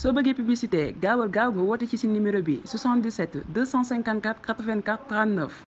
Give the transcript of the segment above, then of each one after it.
soo bëggee publicité gaawal gaaw nga woote ci si numéro bi 77 254 84 39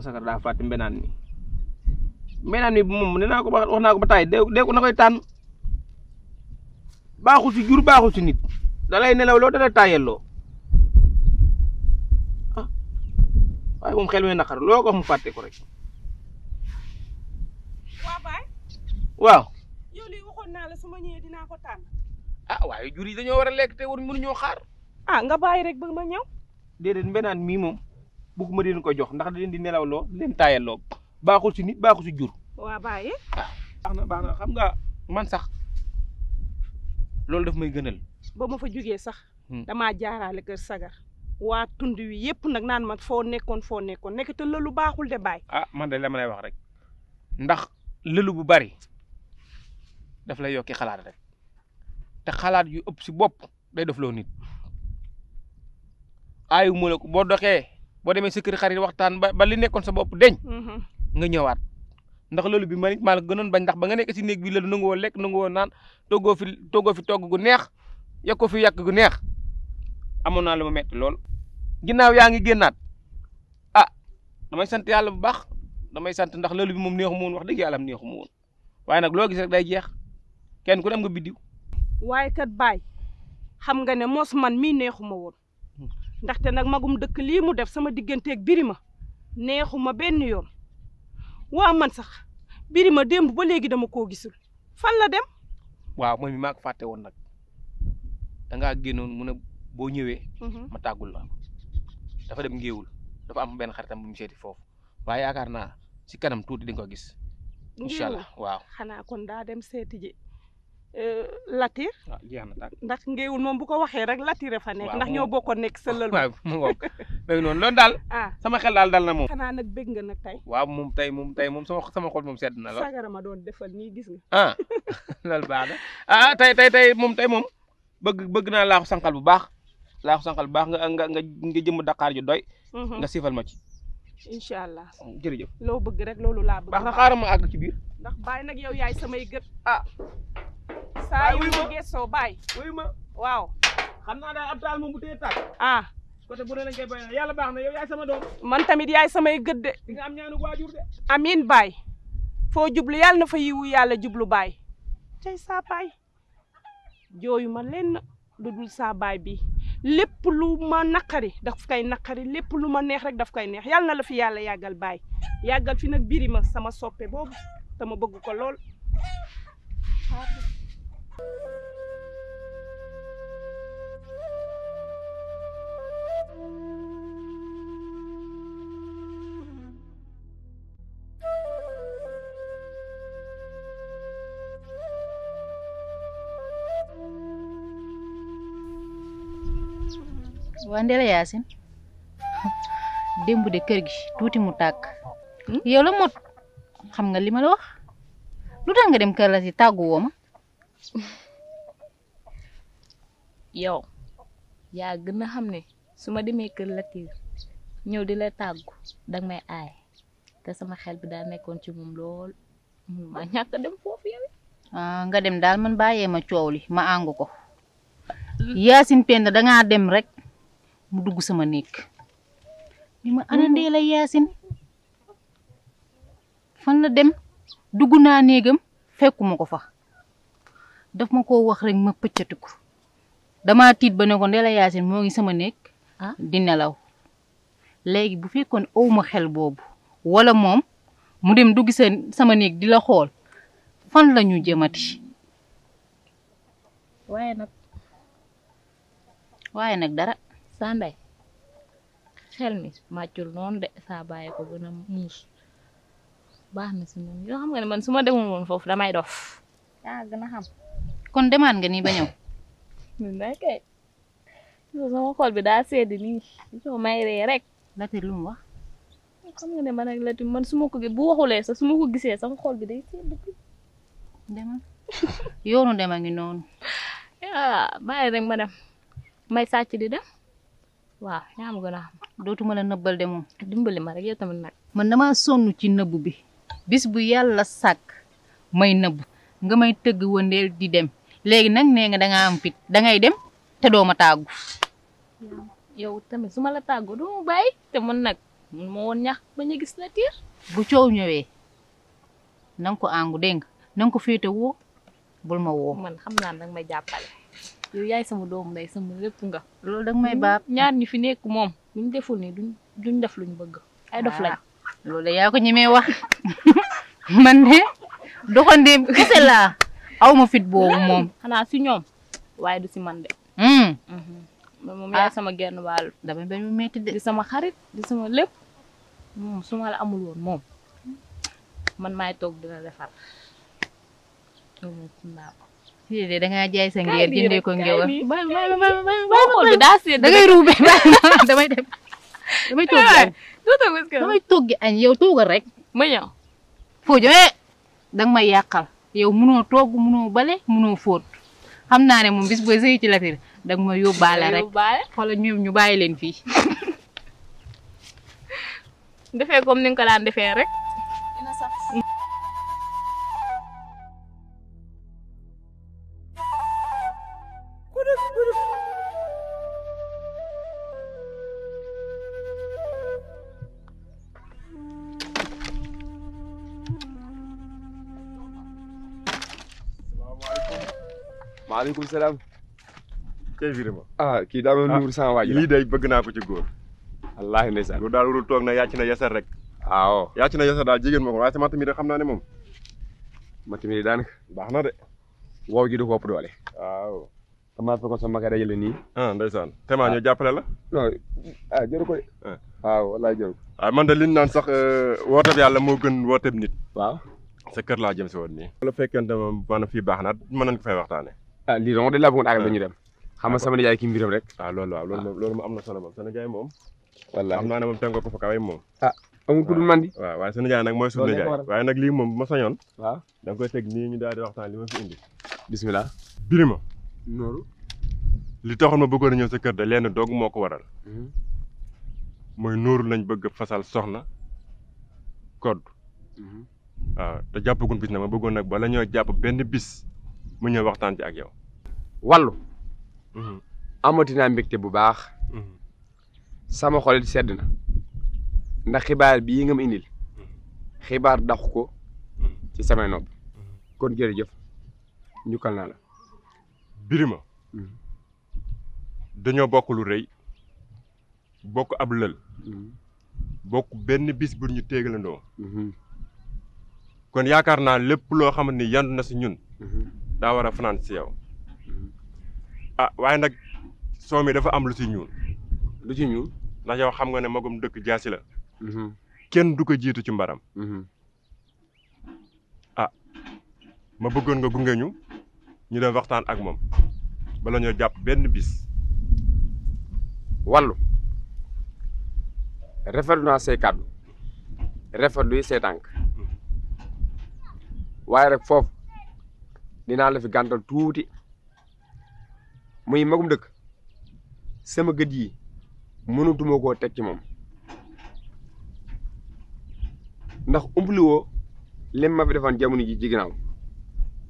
ma sakar daa fàtte mbenaan mi mbenaan mi moom nee naa ko ba wax naa ko ba taay dee dee ko na koy tànn baaxu si jur baaxu si nit da lay nelaw loo da lay taayelloo ah waaye moom xel mi naqar loo ko wax mu fàtte ko rek waaw. yow lii waxoon naa la su ma ñëwee dinaa ko tànn. ah waaye jur yi dañoo war a lekk te war mënuñoo xaar. ah nga bàyyi rek ba ma ñëw. déedéet mbenaan mii moom. bëgguma di leen ko jox ndax di leen di nelawloo leen taayaloo baaxul si nit baaxul si jur. waaw bàyyi. Ah. baax na baax na xam nga man sax loolu daf may gënal. ba ma fa jógee sax. Hmm. damaa jaaraale kër sagar. waa tund wi yëpp nag naan ma foo nekkoon foo nekkoon nekk te lëlu baaxul de bàyyi. ah man de la ma lay wax rek ndax lëlu bu bari daf la yokki xalaat rek te xalaat yu ëpp si bopp day def loo nit aayu mu la ko boo doxee. boo demee sa kër xarit waxtaan ba ba li nekkoon sa bopp deñ mm-hmm. nga ñëwaat ndax loolu bi man it maa la gënoon bañ ndax ba nga nekk si néeg bi la nangu woo lekk nangu woo naan toggoo fi toggoo fi togg gu neex yàqoo fi yàq gu neex amoon naa lu ma metti lool. ginnaaw yaa ngi génnaat ah damay sant yàlla bu baax damay sant ndax loolu bi moom neexu ma wax dëgg yàlla am neexu ma woon waaye nag loo gis rek day jeex kenn ku dem nga biddiw. waaye kat baay xam nga ne mos man mii neexuma ma woon. ndaxte nag magum dëkk lii mu def sama digganteeg birima neexuma benn yoon waa man sax birima démb ba léegi dama koo gisul fan la dem. waaw moom mi maa ko fàtte woon nag da ngaa génnoon mu ne boo ñëwee. Mhm. ma tàggul la dafa dem ngéewul dafa am benn xaritam bu mu seeti foofu waaye yaakaar naa si kanam tuuti di ko gis. incha allah waaw xanaa kon daa dem seeti ji. Euh, latir ah, ndax ngéewul moom bu ko waxee rek latire fa nekk ndax ñoo ko nekk sëlal waaw mu ngoog noonu loolu daal ah sama xel daal dal na moom xanaa nag bëgg nga nag tey waaw moom tey moom tey moom sama sama xol moom sedd na lool sagara doon defal nii gis nga ah loolu baax na ah, tey moom tey moom bëgg bëgg naa laaxu sanqal bu baax laaxu sànqal bu baax nga nga nga nga jëm daqaar ju doy mhm. nga siifal ma ci incha allah jërëjëf loo bëgg rek loolu laa bëgg baax na xaaral ma àgg ci biir ndax bàyyi nag yow yaay samay gët ah saa yu ma gëstoo ma waaw xam naa daal ab taal moom bu tee tàkk ah yàlla baax na yow yaay sama doom man tamit yaay samay gëdd de di nga amiin baay foo jublu yàlla na fa yiwu yàlla jublu baay tey saa baay jooyu ma lenn lu dul saa baay bi lépp lu ma naqari daf koy naqari lépp lu ma neex rek daf koy neex yàlla na la fi yàlla yàggal baay yàggal fi nag biri ma sama soppe boobu te bëgg ko lool waa Ndella Yacine démb de kër gi tuuti mu tàkk. yow la mot xam nga li ma la wax lu tax dem kër la si tàggu woo ma yow yaa gën a xam ne su ma demee kër Latir ñëw di la tàggu danga may aay te sama xel bi daa nekkoon ci moom lool ma ñàkk dem foofu yow. Ah, nga dem daal man bàyyee ma coow li ma àngu ko. Mm. Yaasin Penda dangaa dem rekk mu dugg sama néeg ni ma ana mm. la Yaasin fan la dem dugg naa néegam fekkuma ko fa. daf ma ko wax rek ma pëccatiku damaa tiit ba ne ko Ndella Yacine moo ngi sama nekk ah. di nelaw léegi bu fekkoon aw ma xel boobu wala moom mu dem dugg seen sama néeg di la xool fan la ñu jëmati waaye nag waaye nag dara saa ndey xel mi màccul noonu de saa bàyyi ko gën a muus baax na si moom yoo xam ne man su ma demul woon foofu damay dof yaa gën a xam kon demaat nga nii ba ñëw. sama xol bi daa sedd nii soo may rek. Latir lu mu wax. xam su ma ko bu waxulee sax su ma ko gisee sama xol bi day sedd. da yoonu dem a ngi noonu. ah bàyyi rek ma dem may sàcc di dem waaw ñaam la nëbbal de moom. dimbali ma rek yow tamit nag. man damaa sonn ci nëbb bi bis bu yàlla sàkk may nëbb nga may tëgg wëndeel di dem. léegi nag nee nga da am fit da dem te doo ma tàggu. yow tamit su ma la tàggu du ma bàyyi te man nag mun ma woon ñax ba ñu gis na tiir. bu coow ñëwee na ko àngu dégg na nga ko féete woo bul ma woo. man xam naa nag may jàppale. yow yaay sama doomu ndey sama lépp nga. loolu da may baab ñaar ñi fi nekk moom. buñ deful ni du duñ def ñu bëgg. ay dof lañ loolu ko ñemee wax man de doxandeem laa. aw ma fit boobu hmm. moom. xanaa si ñoom waaye du si man de. man hmm. hmm. moom sama genn wàll. dama bañ mu metti de. di sama xarit di sama lépp moom ma la amul woon moom man maay toog dina defar da ngaa jaay sa ngeer damay dem damay togg añ. damay togg añ rek. ma ñëw. foo jëmee eh, danga may yàqal. yow munoo togg munoo bale munoo fóot xam naa ne moom bis booy sëy ci Latir danga ma yóbbaale rek xoolal ñoom ñu bàyyi leen fii. defee comme ni nga ko daan defee rek. maaleykum salaam. tey Birima. ah kii daa ma nuur ah, sama waa ji lii day bëgg naa ko ci góor. wallaahi ndeysaan. loolu daal warul toog na yàcc na yasar rek. waaw yàcc na yasar daal jigéen moo ko waaye sama tamit xam naa ne moom. ma tamit daan baax na de. wow gi du ko ëpp doole. waaw. sama fekkoon sama mag nii. ah ndeysaan te ah. maa la. non ah jëru ko de. Ah. man de li ñu naan sax euh, wooteeb yàlla moo gën wooteeb nit. waaw. sa kër laa jëm si woon nii. la fekkent ne fii baax na mën nañu ko fay waxtaanee. ah lii de moom dañ laa bëggoon àggal ah. dem. xam nga ah, sama nijaay ki mbiram rek. Ah, waaw loolu moom loolu moom am na solo moom sa nijaay moom. wallaahi xam naa ne moom moom. ah waaye sa nijaay nag mooy suñu nijaay waaye nag lii moom bu ma sañoon. waaw da nga koy teg nii ñu daal di waxtaan li ma fi indi. bisimilah. birima. nooru. li taxoon ma bëggoon a ñëw sa kër de lenn dog moo ko waral. Hmm. mooy nooru lañ bëgg fasal soxna kodd. waaw hmm. te jàppagun bis nag ma bëggoon nag bala ñoo jàpp benn bis mu ñëw waxtaan ci ak yow. wàllu. Mm-hmm. amati naa mbégte bu baax. Mm-hmm. sama xol sedd na ndax xibaar bii nga ma indil mm-hmm. xibaar dax ko ci samay nopp kon jërëjëf njukkal naa la. Birima. dañoo bokk lu rëy bokk ab lël. bokk benn bis bu ñu téegalandoo. kon yaakaar naa lépp loo xam ne yandu na si ñun. daa war a fanaan si yow ah waaye nag soo mi dafa am lu ci ñuul. lu ci ñuul ndax yow xam nga ne magum dëkk jaasi la. Mm-hmm. kenn du ko jiitu ci mbaram. Mm-hmm. ah ma buggoon nga gunge ñu ñu dem waxtaan ak moom bala ñoo jàpp benn bis. wàllu rafetlu naa say kàddu rafetlu yi say mm-hmm. waaye rek foofu. dinaa la gantal gàntal tuuti muy magum dëkk sama gët yi mënatuma koo teg ci moom ndax umpuliwoo lim ma fi defoon jamono ji ci ginnaaw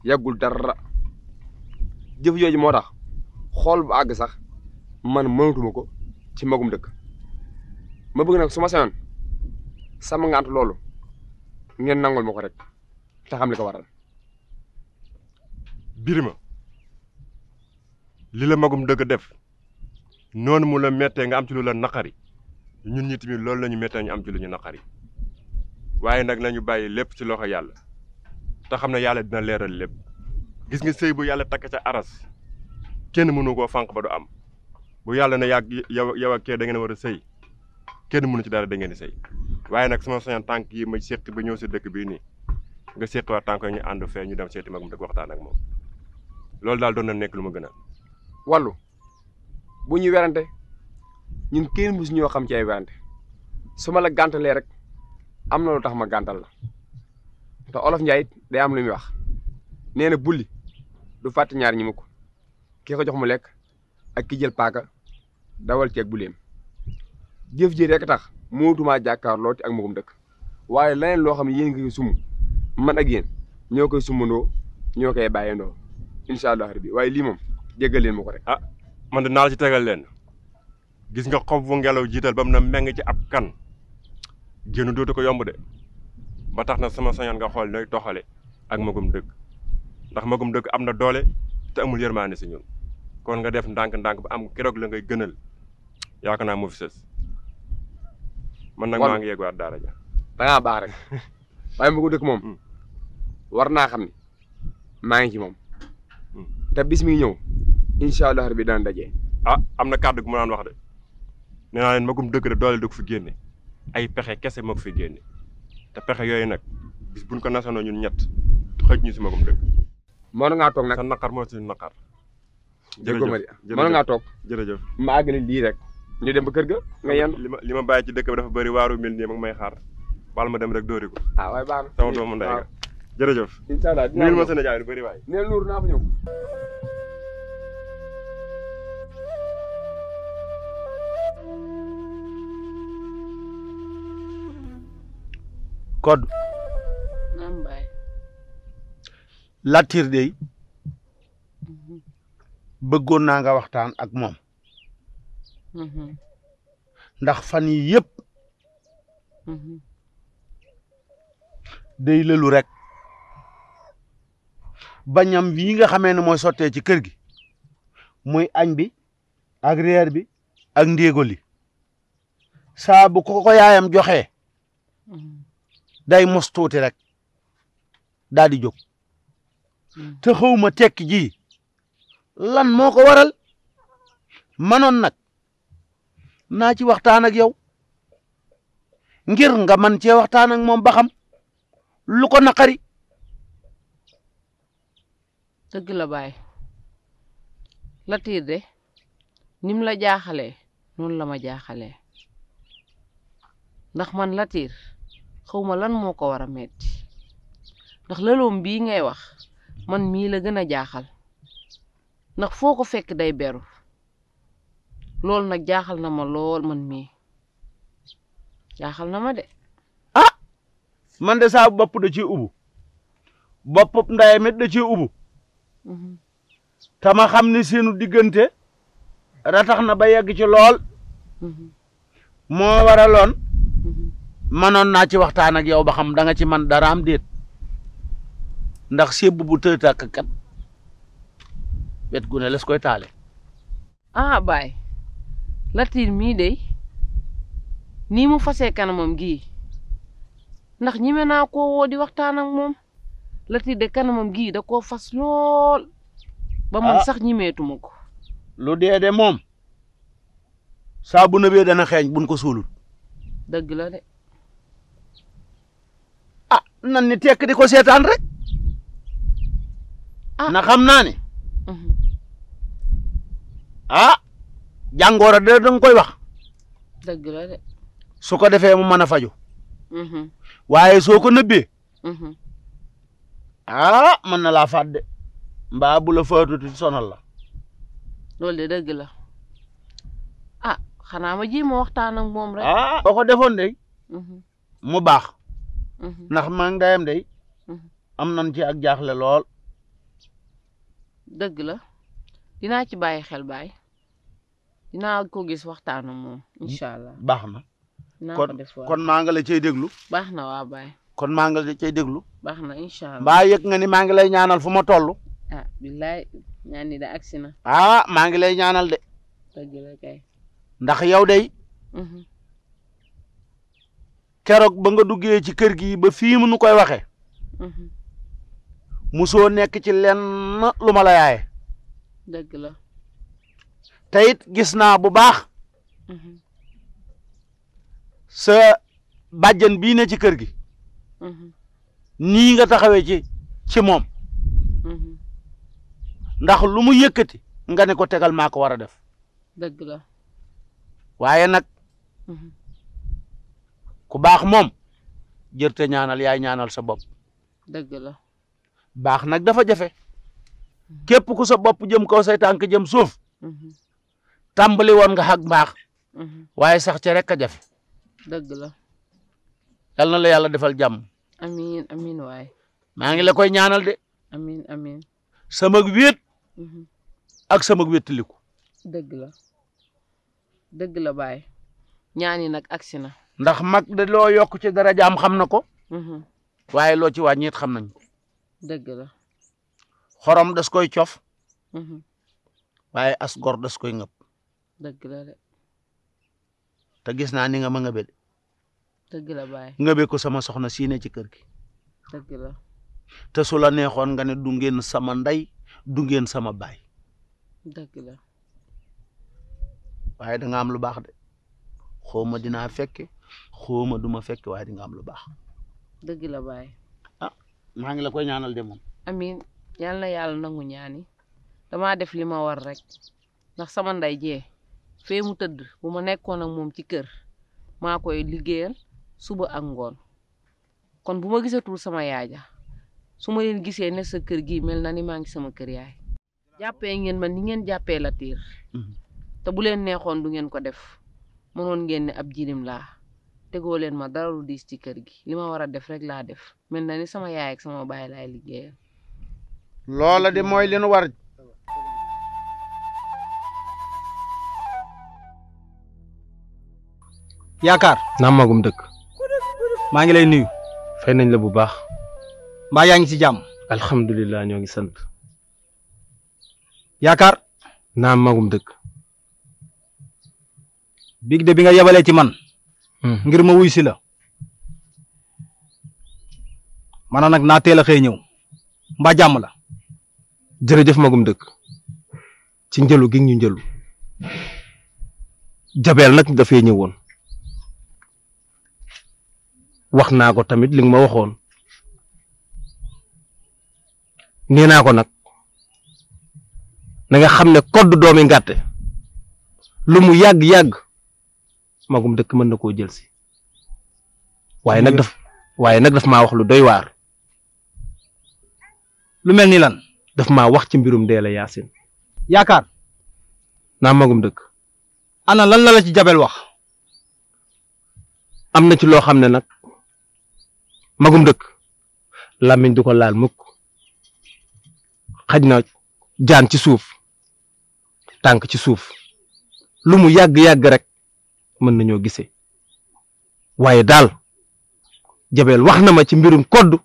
yàggul dara jëf jooju moo tax xool bu àgg sax man mënatuma ko ci magum dëkk ma bëgg nag suma ma sama ngant loolu ngeen nangul ma ko rek te xam li waral birima li la magum dëgg def noonu mu la mettee nga am ci lu la naqari ñun ñi tamit loolu la ñu mettee ñu am ci lu ñu naqari waaye nag lañu bàyyi lépp ci loxo yàlla te xam ne yàlla dina leeral lépp gis nga sëy bu yàlla takk ca aras kenn mënu koo fànq ba du am bu yàlla ne yàgg yow yow ak kee da ngeen war a sëy kenn mënu ci dara da ngeen di sëy waaye nag sama sañoon tànk yi ma séq ba ñëw si dëkk bii nii nga séq waa tànk yi ñu ànd fee ñu dem seeti magum dëgg ak moom loolu daal doon na nekk lu ma gën a. wàllu bu ñu werante ñun kenn mësu ñoo xam ci ay werante su ma la gàntalee rek am na lu tax ma gàntal la te olof Njaay it day am lu muy wax nee na bulli du fàtte ñaar ñi mu ko kii ko jox mu lekk ak ki jël paaka dawal ci ak buleem jëf ji rek tax mootumaa jàkkaarloo ci ak magum dëkk waaye leneen loo xam ne yéen ngi koy man a yéen ñoo koy summandoo ñoo koy bàyyandoo incha allah rabbi waaye lii moom jéggal leen ma ko rek. ah man de naa la ci tegal gis nga xob bu ngelaw jiital ba mu na meng ci ab kan génn dootu ko yomb de ba tax na sama sañoon nga xool nooy toxale ak magum dëkk ndax magum dëkk am na doole te amul yërmaane si ñun kon nga def ndànk-ndànk ba am keroog la ngay gënal yaakaar naa moo fi sës man nag maa ngi yegwaat daara ja da ngaa baax rek waaye magum dëkk moom hmm. war naa xam ne maa ngi ci moom. te bis mi ñëw incha allah rabbi daan daje. ah am na kàddu gu ma naan wax de nee naa leen magum dëgg doole du ko fi génne ay pexe kese moo ko fi génne te pexe yooyu nag bis buñ ko nasanoo ñun ñett xëj ñu si magum dëgg. mën ngaa toog nag sa naqar moo suñu naqar. jërëjëf jërëjëf mën ngaa toog. jërëjëf ma àggali lii rek. ñu dem ba kër ga nga yenn li ma li ma bàyyi ci dëkk bi dafa bari waaru mel nii ma ngi may xaar bal ma dem rek dóori ko. ah waaye baax na sama doomu jërëjëf. incha allah a jaay lu bëri waay. nee Code. naam baay. Latir bëggoon naa nga waxtaan ak moom. Mm-hmm. ndax fan yi yëpp. Mm-hmm. day lëlu rek. ba ñam yi nga xamee ne mooy sottee ci kër gi muy añ bi ak reer bi ak ndéego li saa bu ko ko yaayam joxee day mos tuuti rek daal di jóg mm. te xawma tekki ji lan moo ko waral manoon nag naa ci waxtaan ak yow ngir nga man cee waxtaan ak moom ba xam lu ko naqari dëgg la baay Latiir de nim la jaaxale noonu la ma jaaxale ndax man Latiir ma lan moo ko war a metti ndax lëloom bii ngay wax man mii la gën a jaaxal ndax foo ko fekk day beru loolu nag jaaxal na ma lool man mii jaaxal na ma de ah man de saa bopp da ciy ubu bopp ndayamit da ciy ubu tama xam ne seenu diggante ratax na ba yegg ci lool moo waraloon noon naa ci waxtaan ak yow ba xam da nga ci man dara am déet ndax sébb bu tëtàkk kat wet gu ne les koy taale ah baay Latir mii de nii mu fasee kanamam gii ndax ñime naa koo woo di waxtaan ak moom Latir de kanamam gii da koo fas lool. ba man ah. sax ñimeetuma ko. lu dee moom saa bu nëbee dana xeeñ buñ ko suulul. dëgg la de. ah nan ni tekk di ko seetaan rek. ah na xam naa ne. Mhm. ah jàngoor de danga koy wax. dëgg la de. su ko defee mu mën a faju mhm. waaye soo ko nëbbee. Mhm. ah mën na laa fàdde mbaa bu la faatuti sonal la loolu de dëgg la ah xanaa ma ji ma waxtaan ak moom rek ah boo ko defoon day mhm. mu baax mhm. ndax maa ngayam day mhm. am nan ci ak jaaxle lool dëgg la dinaa ci bàyyi xel baay dinaa ko gis waxtaan ak moom incha allah baax na kon kon maa nga la cay déglu baax na waa baay kon maa nga cay déglu. baax na incha allah mbaa yëg nga ni maa ngi lay ñaanal fu ma toll. ah billaay ñaan yi na. ah maa ngi lay ñaanal de. ndax yow day. Mhm. keroog ba nga duggee ci kër gi ba fii mu nu koy waxee. Mhm. musoo nekk ci lenn lu ma la yaaye. dëgg la. te gis naa bu baax. Mhm. sa bàjjen bii ci kër gi. Mm-hmm. nii nga taxawee ci ci moom mm-hmm. ndax lu mu yëkkati nga ne ko tegal maa ko war a def dëgg la waaye nag mm-hmm. ku baax moom jërte ñaanal yaay ñaanal sa bopp dëgg la baax nag dafa jafe képp ku sa bopp jëm kaw say tànk jëm suuf tàmbali woon nga xag mbaax waaye sax ci rek a jafe dëgg la yal na la yàlla defal jàmm. amiin amiin waay. maa ngi la koy ñaanal de. amiin amiin. sama wéet. Mhm. ak sama wéetaliku. dëgg la dëgg la baay ñaani nag agsi na. ndax mag de loo yokk ci darajaam xam na ko. Mhm. waaye loo ci wàññi it xam nañ ko. dëgg la. xorom das koy cof. Mhm. waaye as gor das koy ngëb. dëgg de. te gis naa ni nga ma nga dëgg la baay nga be ko sama soxna sii ne ci kër gi. dëgg la. te la neexoon nga ne du sama ndey du sama baay. dëgg la. waaye da nga am lu baax de xaw ma dinaa fekke xaw ma du ma di nga am lu baax. dëgg la baay. ah maa ngi la koy ñaanal de moom. amiin yal na yàlla nangu ñaani damaa def li ma war rek ndax sama ndey jee fee mu tëdd bu ma nekkoon ak moom ci kër koy liggéeyal. suba ak ngoon kon bu ma gisatul sama yaaja su ma leen gisee ne sa kër gi mel na ni maa ngi sama kër yaay jàppee ngeen ma ni ngeen jàppee la tiir mhm. te bu leen neexoon du ngeen ko def mënoon ngeen ne ab jirim laa tegoo leen ma dara lu diis ci kër gi li ma war a def rek laa def mel na ni sama yaay ak sama baay laay liggéeyal loola de mooy li nu war yaakaar naa magum dëkk maa ngi lay nuyu. fay nañ la bu baax. mbaa yaa ngi ci jàmm. alhamdulilah ñoo ngi sant. yaakaar. naa magum dëkk. biig de bi nga yebalee ci man. Hmm. ngir ma wuy si la. maanaam nag naa teel a xëy ñëw. mbaa jàmm la. jërëjëf magum dëkk. ci njëlu gi ñu njëlu. jabeel nag dafay ñëwoon. wax naa ko tamit li ma waxoon nee naa ko nag na xam ne kodd doomi ngàtte lu mu yàgg-yàgg magum dëkk mën na koo jël si waaye nag daf waaye nag daf ma wax lu doy waar lu mel ni lan daf ma wax ci mbirum Ndella Yacine yaakaar naa magum dëkk ana lan la la ci jabel wax am na ci loo xam ne nag magum dëkk làmmiñ du ko laal mukk xaj na jaan ci suuf tànk ci suuf lu mu yàgg-yàgg rek mën nañoo gisee waaye daal jabeel wax na ma ci mbirum koddu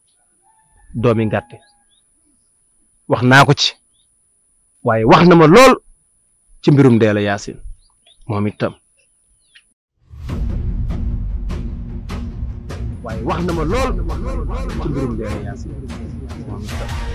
doomi ngàtte wax naa ko ci waaye wax na ma lool ci mbirum Ndeela Yaasin moom itam waaye wax na ma lool ci mbirum Leela Yacine